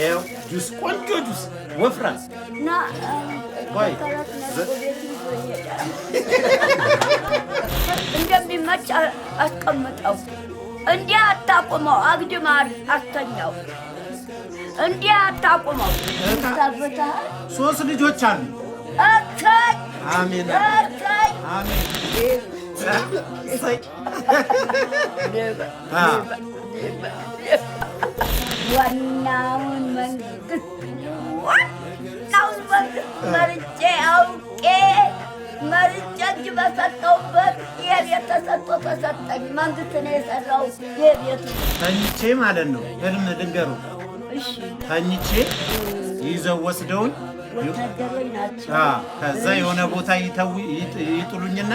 ይኸው ጁስ ቆንጆ ጁስ ወፍራም። ቆይ እንደሚመች አስቀምጠው። እንዲህ አታቁመው፣ አግድም አስተኛው። እንዲህ አታቁመው። ሶስት ልጆች አሉ። ዋናውን መርጬ አውቄ መርጬ እንጂ በሰጠሁበት የቤት ተሰጥቶ ተሰጠኝ። መንግስት ነው የሰራው የቤቱ ተኝቼ ማለት ነው። ህልም ድንገሩ ተኝቼ ይዘው ወስደውን ከዛ የሆነ ቦታ ይጥሉኝና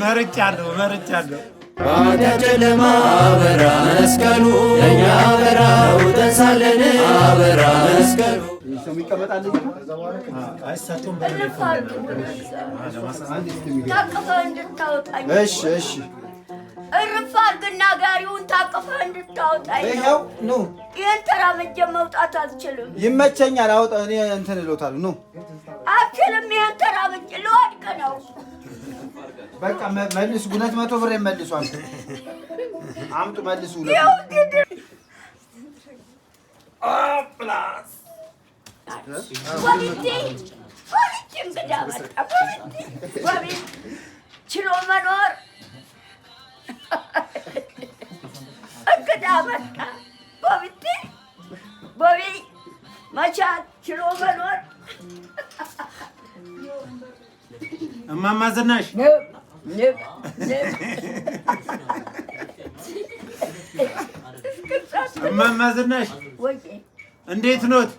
መርጫለሁ መርጫለሁ ባጃጅ ለማበራ መስቀሉ ለእኛ አበራ ውጠንሳለን አበራ መስቀሉ እርፍ አድርግና ጋሪውን ታቅፈህ እንድታወጣኝ ነው። ኑ ይህን ተራምጄ መውጣት አልችልም። ይመቸኛል። አውጣ። እኔ እንትን እሎታለሁ። ኑ አልችልም። ይህን ተራምጄ ልወድቅ ነው። በቃ መልሱ። ሁለት መቶ ብር መልሱ። አምጡ መልሱ። ችሎ መኖር እንግዳ መጣ። ቦቢቴ ቦቢ መቻል ችሎ መኖር እማማ ዝናሽ እማማ ዝናሽ እንዴት ኖት?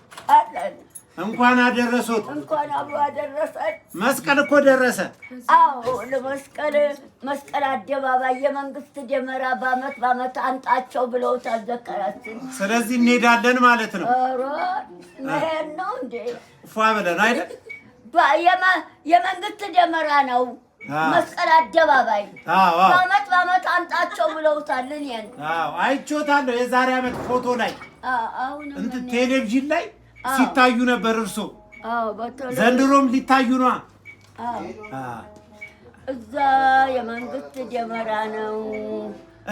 እንኳን አደረሶት። እንኳን አብሮ አደረሰን። መስቀል እኮ ደረሰ። አዎ ለመስቀል መስቀል አደባባይ የመንግስት ደመራ በአመት በአመት አንጣቸው ብለው ታዘከራችን። ስለዚህ እንሄዳለን ማለት ነው። ኧረ ነው እንዴ? ፏ ብለን አይደል? የመንግስት ደመራ ነው መስቀል አደባባይ በአመት በአመት አምጣቸው ብለውታል። እኔን አይቼዎታለሁ። የዛሬ አመት ፎቶ ላይ እንትን ቴሌቪዥን ላይ ሲታዩ ነበር። እርሶ ዘንድሮም ሊታዩ ነዋ። እዛ የመንግስት ደመራ ነው።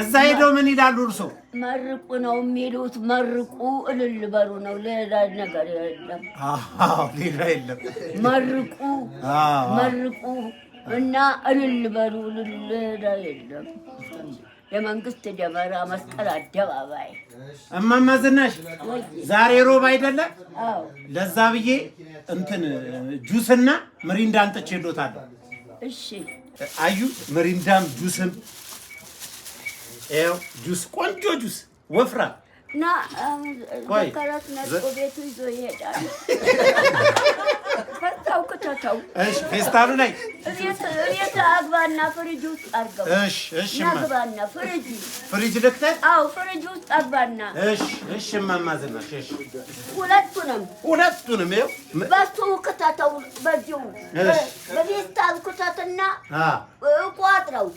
እዛ ሄደው ምን ይላሉ እርሶ? መርቁ ነው የሚሉት። መርቁ እልል በሉ ነው፣ ሌላ ነገር የለም። ሌላ የለም። መርቁ መርቁ እና እልል በሉ እልል የለም። የመንግስት ደመራ መስቀል አደባባይ እማማ ዝናሽ ዛሬ ሮብ አይደለ? ለዛ ብዬ እንትን ጁስና ምሪንዳ ጥቼልዎታለሁ። እሺ አዩ ምሪንዳም ጁስም ው ጁስ ቆንጆ ጁስ ወፍራ እና ዘካርያስ ነጥቆ ቤቱ ይዞ ይሄዳል። ፈታው ቅተተው ፌስታሉ ላይ እቤት አግባና ፍሪጅ ውስጥ አድርገው አግባና ፍሪጅ ፍሪጅ ልክተት አዎ፣ ፍሪጅ ውስጥ አግባና እሺ፣ እማማ ዝናሽ እሺ፣ ሁለቱንም ሁለቱንም ይኸው በሱ ቅተተው በዚሁ በፌስታል ቅተትና ቋጥረው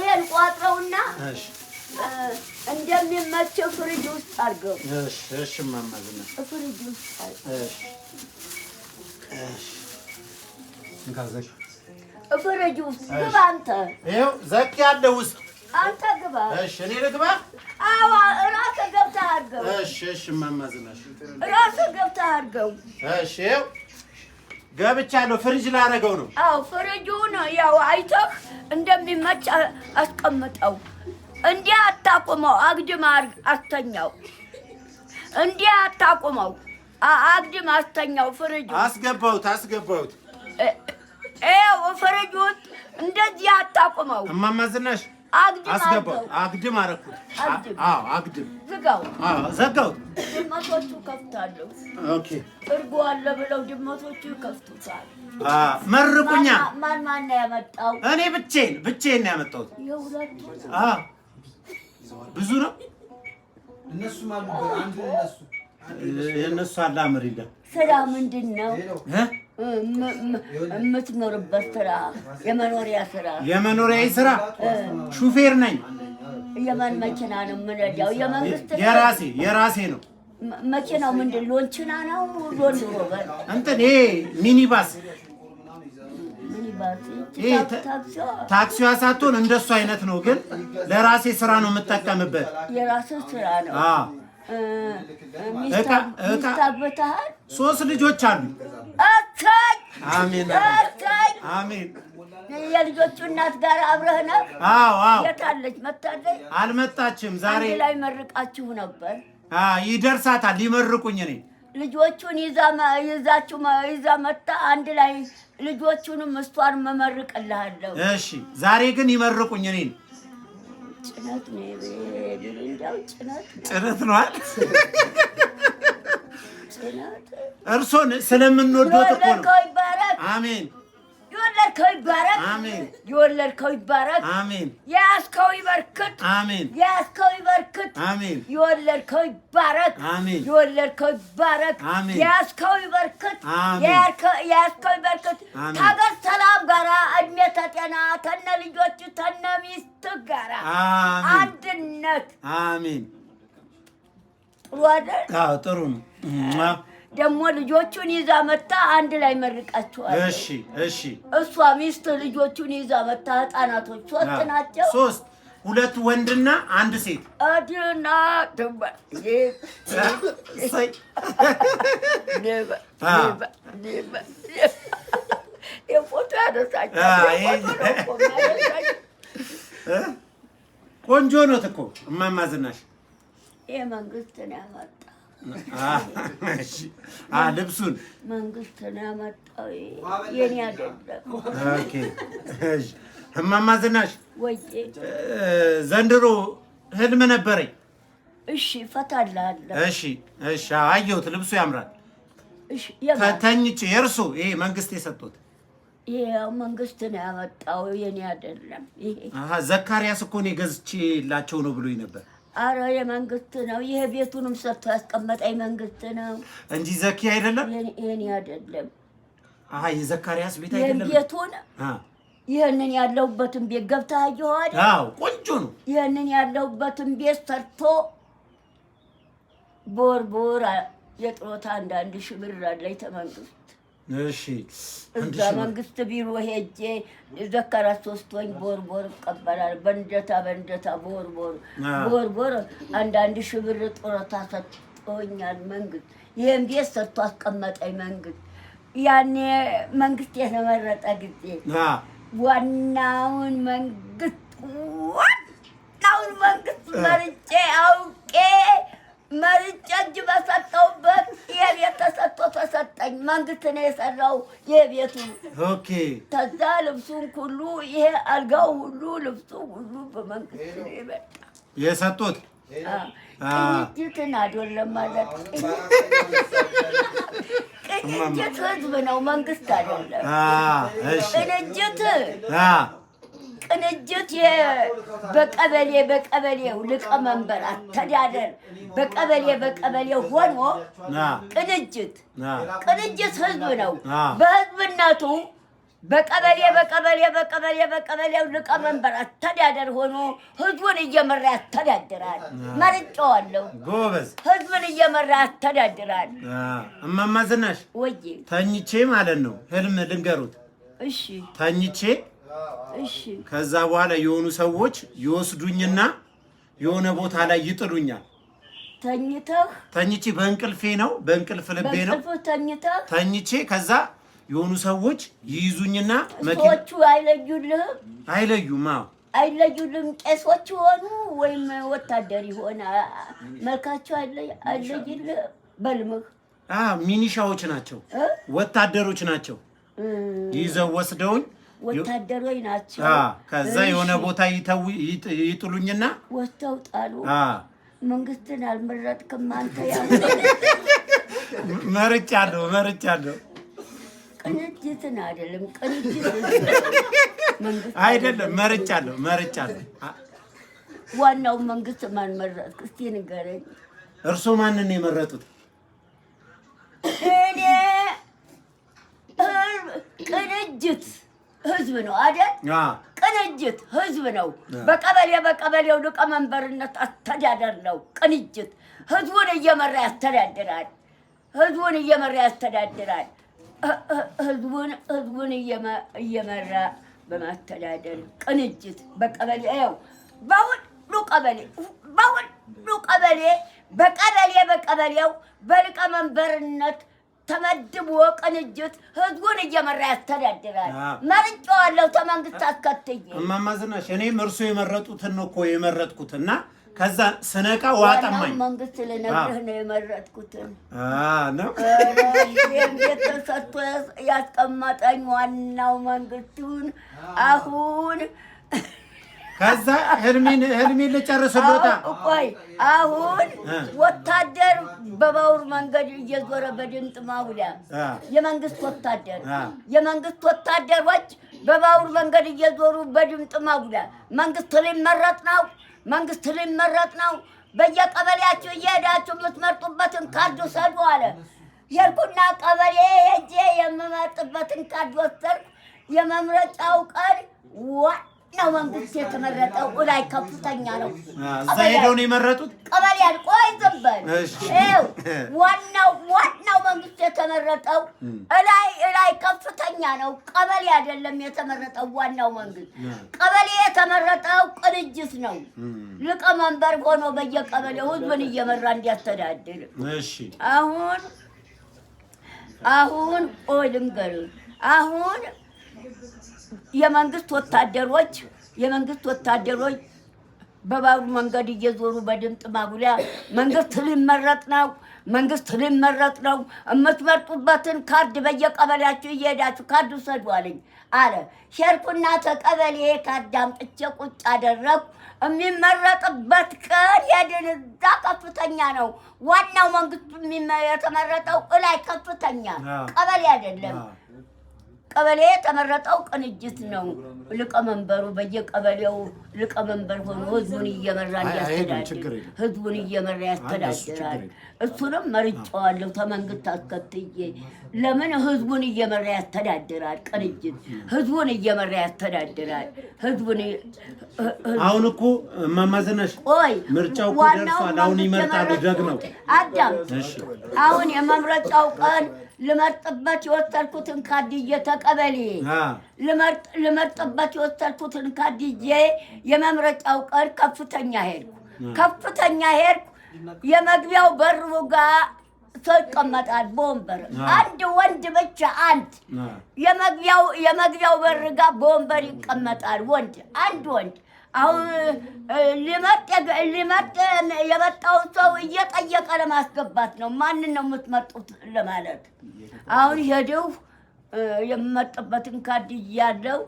ይሄን ቋጥረውና እንደሚመቸው ፍሪጅ ውስጥ አድርገው። እሺ፣ እሺ እማማ ዝናሽ ፍሪጅ ውስጥ አድርገው። እሺ፣ እሺ ፍሪጅ ውስጥ ግባ አንተ። ይኸው ዘቅ ያለ ውስጥ አንተ ግባ። እሺ፣ እኔ ልግባ? አዎ፣ እራስህ ገብተህ አድርገው። እሺ፣ እሺ እማማ ዝናሽ እራስህ ገብተህ አድርገው። እሺ፣ ይኸው ገብቻለሁ። ፍሪጅ ላደርገው ነው። አዎ፣ ፍሪጁን ያው አይተህ እንደሚመች አስቀምጠው። እንዲህ አታቁመው፣ አግድም አስተኛው። እንዲህ አታቁመው፣ አግድም አስተኛው። ፍርጅ አስገባሁት፣ አስገባሁት። ይኸው ፍርጅ ውስጥ እንደዚህ አታቁመው። እማማ ዝናሽ አግድም አግድም አደረኩት። አዎ አግድም ዝጋው። አዎ ዘጋሁት። ድመቶቹ ከፍታለሁ። ኦኬ እርጎ አለ ብለው ድመቶቹ ይከፍቱታል። መርቁኛ። ማን ማን ነው ያመጣው? እኔ ብቻዬን ብቻዬን ነው ያመጣሁት። የሁለቱ አዎ ይዘዋል። ብዙ ነው። እነሱም አሉ አንድ እነሱ የእነሱ አላምር የለም። ስራ ምንድን ነው የምትኖርበት? ስራ የመኖሪያ ስራ የመኖሪያ ስራ ሹፌር ነኝ። የማን መኪና ነው የምነዳው? የመንግስት የራሴ የራሴ ነው። መኪናው ምንድን ሎንችና ነው? ሎንድ ሮቨር እንትን ይሄ ሚኒባስ ታክሲዋ ሳትሆን እንደሱ አይነት ነው፣ ግን ለራሴ ስራ ነው የምጠቀምበት። የራሴ ስራ ነው። ሚስታበታል። ሶስት ልጆች አሉ። አሜን አሜን። የልጆቹ እናት ጋር አብረህ ነው? የታለች? መታለች? አልመጣችም። ዛሬ ላይ መርቃችሁ ነበር? ይደርሳታል። ሊመርቁኝ እኔ ልጆቹን ይዛችሁ ይዛ መታ አንድ ላይ ልጆቹንም እሷን መመርቅልሃለሁ። እሺ ዛሬ ግን ይመርቁኝ እኔን። ጭነት ነው ጭነት ጭነት ነዋል። እርሶን ስለምንወደው እኮ ነው። አሜን የወለድከው ይባረክ። አሜን። የወለድከው ይባረክ። አሜን። የያዝከው ይበርክት። አሜን። የያዝከው ይበርክት። አሜን። የወለድከው ይባረክ። አሜን። የወለድከው ይባረክ። አሜን። የያዝከው ይበርክት። የያዝከው ይበርክት። ታገዝ ሰላም ጋራ እድሜ ተጤና ተነ ልጆች ተነ ሚስት ጋራ አንድነት። አሜን። ጥሩ አይደል? ጥሩ ነው። ደግሞ ልጆቹን ይዛ መታ አንድ ላይ መርቃቸዋል። እሺ፣ እሺ። እሷ ሚስት ልጆቹን ይዛ መታ። ህፃናቶች ሶስት ናቸው። ሶስት ሁለት ወንድና አንድ ሴት አድና ደባ የፎቶ ቆንጆ ነው እኮ እማማ ዝናሽ። ይሄ መንግስት ነው ያመጣው ልብሱን መንግስትን ያመጣው፣ የኔ አይደለም። እማማ ዝናሽ ዘንድሮ ህልም ነበረኝ። እሺ እፈታልሃለሁ። እሺ እሺ። አየሁት፣ ልብሱ ያምራል። ተኝቼ የእርሶ ይሄ መንግስት የሰጡት መንግስት ነው ያመጣው፣ የኔ አይደለም። ዘካሪያስ እኮ እኔ ገዝቼላቸው ነው ብሎኝ ነበር። አረ የመንግስት ነው ይሄ። ቤቱንም ሰጥቶ ያስቀመጠኝ መንግስት ነው እንጂ ዘኪ አይደለም፣ የኔ አይደለም። አሀ የዘካሪያስ ቤት አይደለም። ቤቱን ይህንን ያለሁበትን ቤት ገብተህ አየኋል። አዎ ቆንጆ ነው። ይህንን ያለሁበትን ቤት ሰርቶ ቦርቦር የጥሮታ አንዳንድ ሺህ ብር አለኝ ተመንግስት እሺ እዛ መንግስት ቢሮ ሄጄ ዘከራ ሶስት ወኝ ቦር ቦር እቀበላለሁ። በእንደታ በእንደታ ቦር ቦር ቦር ቦር አንዳንድ ሺህ ብር ጡረታ ሰጥቶኛል መንግስት። ይህን ቤት ሰጥቶ አስቀመጠኝ መንግስት። ያኔ መንግስት የተመረጠ ጊዜ ዋናውን መንግስት ዋናውን መንግስት መርጬ አውቄ መርጬ እጅ በሰጠሁበት ይሄ ቤት ተሰጥቶ ተሰጠኝ። መንግስት ነው የሰራው ይሄ ቤቱ። ከዛ ልብሱን ሁሉ ይሄ አልጋው ሁሉ ልብሱ ሁሉ በመንግስት ነው የመጣ የሰጡት። ቅንጅትን አይደለም ማለት ቅንጅት ህዝብ ነው መንግስት አይደለም ቅንጅት ቅንጅት በቀበሌ በቀበሌው ሊቀመንበር አተዳደር በቀበሌ በቀበሌው ሆኖ ቅንጅት ቅንጅት ህዝብ ነው። በህዝብነቱ በቀበሌ በቀበሌ በቀበሌ በቀበሌው ሊቀመንበር አተዳደር ሆኖ ህዝቡን እየመራ ያስተዳድራል። መርጫዋለሁ። ጎበዝ ህዝብን እየመራ ያስተዳድራል። እማማ ዝናሽ ተኝቼ ማለት ነው ህልም ልንገሩት። እሺ ተኝቼ ከዛ በኋላ የሆኑ ሰዎች ይወስዱኝና የሆነ ቦታ ላይ ይጥሉኛል። ተኝተህ ተኝቼ በእንቅልፌ ነው በእንቅልፍ ልቤ ነው ተኝቼ ከዛ የሆኑ ሰዎች ይይዙኝና መኪናዎቹ አይለዩልህም። አይለዩም። አዎ አይለዩልም። ቄሶች ሆኑ ወይም ወታደር ይሆን መልካቸው አይለይልህ። በልምህ ሚኒሻዎች ናቸው፣ ወታደሮች ናቸው። ይዘው ወስደውኝ ወታደሮች ናቸው። ከዛ የሆነ ቦታ ይጥሉኝና ወጥተው ጣሉ። መንግስትን አልመረጥክም አንተ። ያ መርጫለሁ መርጫለሁ ቅንጅትን አይደለም ቅንጅት አይደለም፣ መርጫለሁ መርጫለሁ። ዋናው መንግስት ማን መረጥክ እስቲ ንገረኝ። እርስዎ ማንን የመረጡት? እኔ ቅንጅት ህዝብ ነው አይደል? ቅንጅት ህዝብ ነው። በቀበሌ በቀበሌው ሊቀመንበርነት አስተዳደር ነው። ቅንጅት ህዝቡን እየመራ ያስተዳድራል። ህዝቡን እየመራ ያስተዳድራል። ህዝቡን ህዝቡን እየመራ በማስተዳደር ቅንጅት በቀበሌ ያው በሁሉ ቀበሌ በሁሉ ቀበሌ በቀበሌ በቀበሌው በሊቀመንበርነት ተመድቦ ቅንጅት ህዝቡን እየመራ ያስተዳድራል። መርጫዋለሁ ተመንግስት አስከትዬ። እማማ ዝናሽ እኔም እርሱ የመረጡትን ነው እኮ የመረጥኩትና ከዛ ስነቃ ዋጠማኝ መንግስት ልነግርህ ነው የመረጥኩትን ነው ያስቀመጠኝ ዋናው መንግስቱን አሁን ከዛ ህልሜን ህልሜን ቦታ ቆይ አሁን ወታደር በባቡር መንገድ እየዞረ በድምፅ ማጉያ የመንግስት ወታደር የመንግስት ወታደሮች በባቡር መንገድ እየዞሩ በድምፅ ማጉያ መንግስት ሊመረጥ ነው፣ መንግስት ሊመረጥ ነው፣ በየቀበሌያችሁ እየሄዳችሁ የምትመርጡበትን ካርድ ውሰዱ አለ። ሄድኩና ቀበሌ ሄጄ የምመርጥበትን ካርድ ወሰድኩ። የመምረጫው ቀን ነው መንግስት የተመረጠው። እላይ ከፍተኛ ነው። እዛ ሄደው ነው የመረጡት። ቀበሌ አልቆ አይዘንበል ዋናው ዋናው መንግስት የተመረጠው እላይ ላይ ከፍተኛ ነው። ቀበሌ አይደለም የተመረጠው። ዋናው መንግስት ቀበሌ የተመረጠው ቅንጅት ነው። ሊቀመንበር ሆኖ በየቀበሌው ህዝብን እየመራ እንዲያስተዳድር። አሁን አሁን ቆይ ልንገርህ አሁን የመንግስት ወታደሮች የመንግስት ወታደሮች በባቡር መንገድ እየዞሩ በድምጥ ማጉሊያ መንግስት ሊመረጥ ነው፣ መንግስት ሊመረጥ ነው፣ የምትመርጡበትን ካርድ በየቀበሌያችሁ እየሄዳችሁ ካርድ ውሰዱ አለኝ አለ። ሸርኩና ተቀበሌ ካርድ አምጥቼ ቁጭ አደረግኩ። የሚመረጥበት ቀን የድንዛ ከፍተኛ ነው። ዋናው መንግስቱ የተመረጠው እላይ ከፍተኛ ቀበሌ አይደለም። ቀበሌ የተመረጠው ቅንጅት ነው። ሊቀመንበሩ በየቀበሌው ሊቀመንበር ሆኖ ህዝቡን እየመራ እንዲያስተዳድር ህዝቡን እየመራ ያስተዳድራል። እሱንም መርጫዋለሁ ተመንግስት አስከትዬ። ለምን ህዝቡን እየመራ ያስተዳድራል? ቅንጅት ህዝቡን እየመራ ያስተዳድራል። ህዝቡን አሁን እኮ ቆይ፣ ምርጫው ደርሷል። አሁን ይመርጣሉ። አዳም አሁን የመምረጫው ቀን ልመርጥበት የወሰድኩትን ካድዬ ተቀበሌ ልመርጥበት የወሰድኩትን ካድዬ የመምረጫው ቀን ከፍተኛ ሄድኩ ከፍተኛ ሄድኩ። የመግቢያው በሩ ጋር ሰው ይቀመጣል በወንበር አንድ ወንድ ብቻ አንድ የመግቢያው በር ጋር በወንበር ይቀመጣል ወንድ አንድ ወንድ አሁን ሊመርጥ ሊመርጥ የመጣውን ሰው እየጠየቀ ለማስገባት ነው። ማንን ነው የምትመጡት ለማለት አሁን ሄደው የምመርጥበትን ካድ እያለው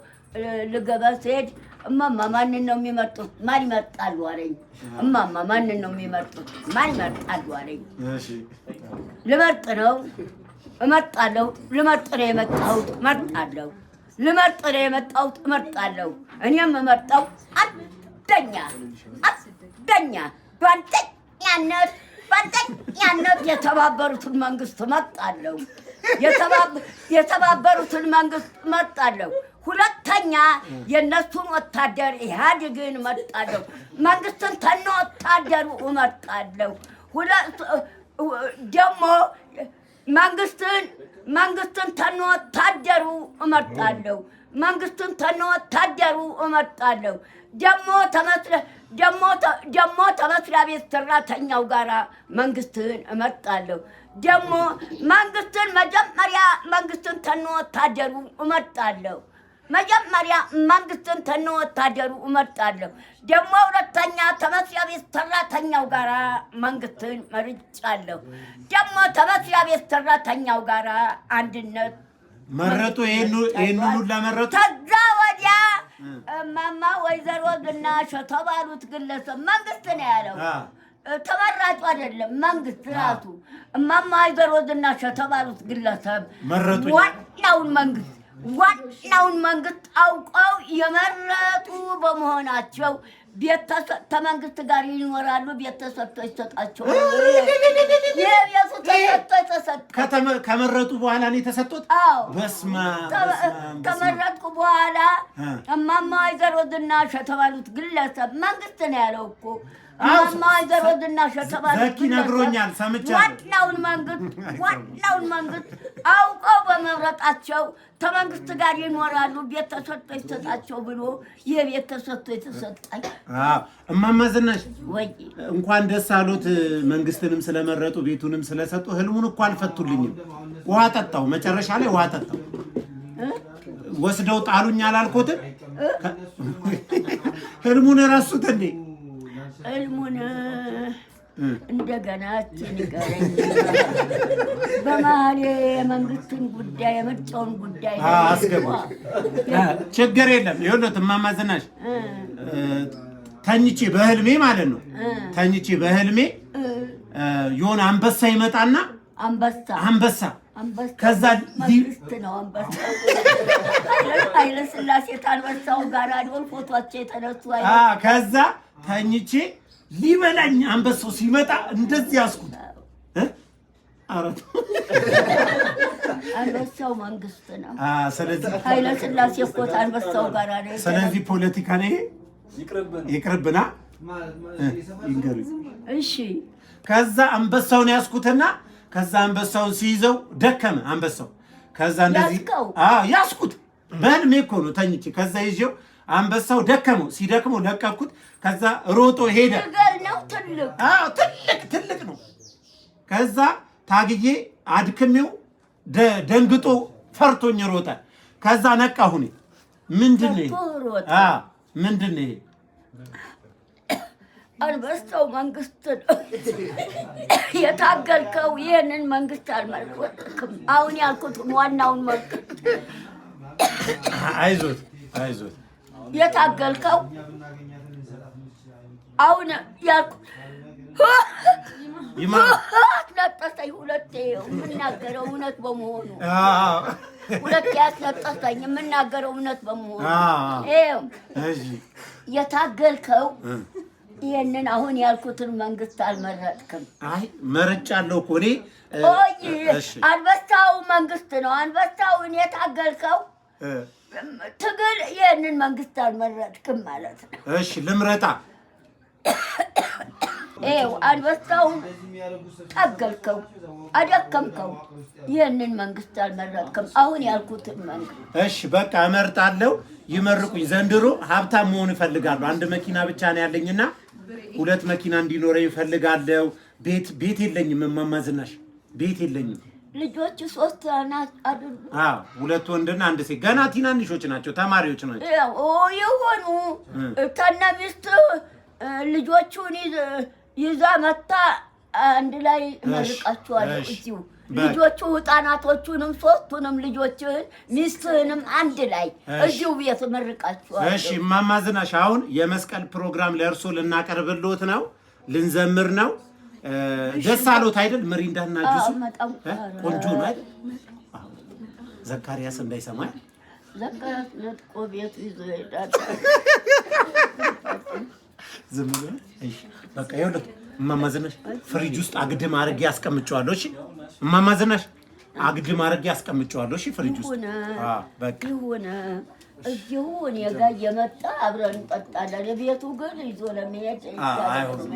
ልገባ ስሄድ እማማ ማንን ነው የሚመጡት? ማን ይመጣሉ አለኝ። እማማ ማንን ነው የሚመጡት? ማን ይመጣሉ አለኝ። ልመጥ ነው እመጣለሁ። ልመጥ ነው የመጣሁት መጣለሁ ልመርጥ ነው የመጣሁት። እመርጣለሁ። እኔም እመርጠው አደኛ አደኛ በአንደኛነት በአንደኛነት የተባበሩትን መንግስት እመርጣለሁ። የተባበሩትን መንግስት እመርጣለሁ። ሁለተኛ የእነሱን ወታደር ኢህአዴግን እመርጣለሁ። መንግስትን ተነ ወታደሩ እመርጣለሁ። ደግሞ መንግስትን መንግስቱን ተኖ ወታደሩ እመርጣለሁ። መንግስቱን ተኖ ወታደሩ እመርጣለሁ። ደግሞ ደግሞ ተመስሪያ ቤት ሰራተኛው ጋራ መንግስትን እመርጣለሁ። ደግሞ መንግስትን መጀመሪያ መንግስትን ተኖ ወታደሩ እመርጣለሁ። መጀመሪያ መንግስትን ተነ ወታደሩ እመርጣለሁ። ደግሞ ሁለተኛ ተመስያ ቤት ሰራተኛው ጋራ መንግስትን መርጫለሁ። ደግሞ ተመስያ ቤት ሰራተኛው ጋራ አንድነት መረጡ። ይህን ሁሉ ለመረጡ ከዛ ወዲያ እማማ ወይዘሮ ግናሽ የተባሉት ግለሰብ መንግስት ነው ያለው። ተመራጩ አይደለም መንግስት ራሱ እማማ ወይዘሮ ግናሽ የተባሉት ግለሰብ ዋናውን መንግስት ዋናውን መንግስት አውቀው የመረጡ በመሆናቸው ከመንግስት ጋር ይኖራሉ። ቤት ተሰጥቶ ይሰጣቸዋል። ከመረጡ በኋላ ነው የተሰጡት። በስመ ከመረጥኩ በኋላ እማማ ወይዘሮ ዝናሽ የተባሉት ግለሰብ መንግስት ነው ያለው እኮ ማዘሮዝና ነግሮኛል ሰምቻለሁ። ዋናውን መንግስት ዋናውን መንግስት አውቀው በመምረጣቸው ከመንግስት ጋር ይኖራሉ። ቤት ተሰጥቶ ይሰጣቸው ብሎ ይህ ቤት ተሰጥቶ እማማ ዝናሽ እንኳን ደስ አሉት። መንግስትንም ስለመረጡ ቤቱንም ስለሰጡ ህልሙን እኮ አልፈቱልኝም። ውሃ ጠጣው፣ መጨረሻ ላይ ውሃ ጠጣው። ወስደው ጣሉኝ አላልኩትም። ህልሙን እንዴ እልሙን እንደገና ንገረኝ። በመሀል የመንግስቱን ጉዳይ የምርጫውን ጉዳይ አስገባ። ችግር የለም። ይኸውልህ እማማ ዝናሽ ተኝቼ በህልሜ ማለት ነው ተኝቼ በህልሜ የሆነ አንበሳ ይመጣና አንበሳ አንበሳ ከዛ መንግስት ነው አንበሳ ኃይለስላሴ ታንበሳው ጋር አድወል ፎቶቸው የተነሱ ከዛ ተኝቼ ሊበላኝ አንበሳው ሲመጣ እንደዚህ ያስኩት አራት አንበሳው መንግስት ነው። ስለዚህ ኃይለ ሥላሴ እኮ አንበሳው ጋር አለ። ስለዚህ ፖለቲካ ነው ይቅርብና እሺ፣ ከዛ አንበሳውን ያስኩትና ከዛ አንበሳውን ሲይዘው ደከመ አንበሳው። ከዛ እንደዚህ በህልሜ እኮ ነው ተኝቼ። ከዛ ይዤው አንበሳው ደከመው። ሲደክመው ለቀኩት። ከዛ ሮጦ ሄደ። ትልቅ ትልቅ ነው። ከዛ ታግዬ አድክሜው ደንግጦ ፈርቶኝ ሮጠ። ከዛ ነቃ ሁኔ ምንድን ምንድን ይሄ አንበሳው መንግስት ነው የታገልከው። ይህንን መንግስት አልመልክም። አሁን ያልኩት ዋናውን መንግስት አይዞት አይዞት የታገልከው አሁን ያልኩ አስነጠሰኝ ሁለቴ። የምናገረው እውነት በመሆኑ ሁለቴ አስነጠሰኝ የምናገረው እውነት በመሆኑ የታገልከው ይህንን አሁን ያልኩትን መንግስት አልመረጥክም። አይ መርጫለሁ እኮ እኔ። አንበሳው መንግስት ነው። አንበሳውን የታገልከው ትግል ይህንን መንግስት አልመረጥክም ማለት ነው። እሺ ልምረጣ። ይኸው አንበሳውን ጠገልከው፣ አደከምከው። ይህንን መንግስት አልመረጥክም፣ አሁን ያልኩትን መንግስት። እሺ በቃ እመርጣለሁ፣ ይመርቁኝ። ዘንድሮ ሀብታም መሆን እፈልጋለሁ። አንድ መኪና ብቻ ነው ያለኝና ሁለት መኪና እንዲኖረኝ እፈልጋለሁ። ቤት ቤት የለኝም፣ እማማ ዝናሽ ቤት የለኝም። ልጆች ሶስት ናት አዎ፣ ሁለት ወንድና አንድ ሴት። ገና ትናንሾች ናቸው፣ ተማሪዎች ናቸው። ይሆኑ ከነ ሚስቱ ልጆቹን ይዛ መታ አንድ ላይ መልቃቸዋለሁ። እዚሁ ልጆቹ ህፃናቶቹንም ሶስቱንም ልጆችህን ሚስትህንም አንድ ላይ እዚሁ ቤት መልቃቸዋለሁ። እሺ እማማ ዝናሽ፣ አሁን የመስቀል ፕሮግራም ለእርሶ ልናቀርብልዎት ነው፣ ልንዘምር ነው ደስ አሎት አይደል? ምሪንዳና ጁሱ ቆንጆ ነው አይደል? ዘካሪያስ እንዳይሰማ ዘካሪያስ ነጥቆ ዝም ብሎ በቃ ይኸውልህ፣ እማማ ዝናሽ ፍሪጅ ውስጥ አግድም አድርጌ አስቀምጨዋለሁ። እሺ፣ እማማ ዝናሽ አግድም አድርጌ አስቀምጨዋለሁ። እሺ፣ ፍሪጅ ውስጥ አዎ፣ በቃ ይሁን። እዚሁ እኔ ጋር እየመጣ አብረን እንጠጣለን። ቤቱ ግን ይዞ ለመሄድ አይሆንም።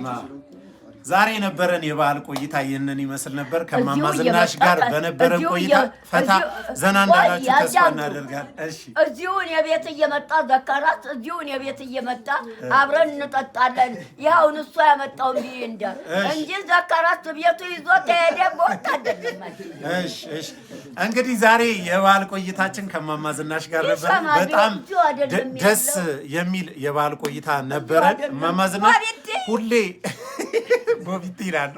ዛሬ የነበረን የበዓል ቆይታ ይህንን ይመስል ነበር። ከማማ ዝናሽ ጋር በነበረን ቆይታ ፈታ ዘና እንዳላችሁ ተስፋ እናደርጋለን። እዚሁን የቤት እየመጣ ዘካራት እዚሁን የቤት እየመጣ አብረን እንጠጣለን። ይኸውን እሷ ያመጣው እንዲ እንደ እንጂ ዘካራት ቤቱ ይዞ ተሄደ ቦታ እሺ እንግዲህ ዛሬ የበዓል ቆይታችን ከማማ ዝናሽ ጋር ነበር። በጣም ደስ የሚል የበዓል ቆይታ ነበረን። ማማ ዝናሽ ሁሌ ቦቢቲ ይላሉ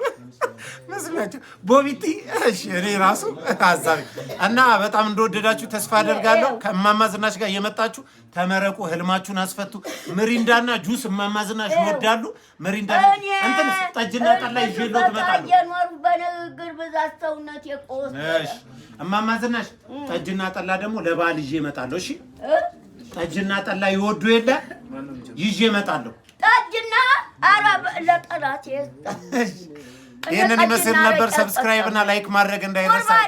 መስላቸው ቦቢቲ። እሺ እኔ ራሱ ሀሳቢ እና በጣም እንደወደዳችሁ ተስፋ አደርጋለሁ። ከእማማ ዝናሽ ጋር እየመጣችሁ ተመረቁ፣ ህልማችሁን አስፈቱ። ምሪንዳና ጁስ እማማ ዝናሽ ይወዳሉ። ምሪንዳ እንትን ጠጅና ጠላ ይዤለው ትመጣለህ። በንግግር ብዛት ሰውነት የቆስ እማማ ዝናሽ ጠጅና ጠላ ደግሞ ለባል ይዤ እመጣለሁ። እሺ ጠጅና ጠላ ይወዱ የለ ይዤ እመጣለሁ። ጠጅና ኧረ ለጠላት ይህንን ይመስል ነበር። ሰብስክራይብ እና ላይክ ማድረግ እንዳይረሳ።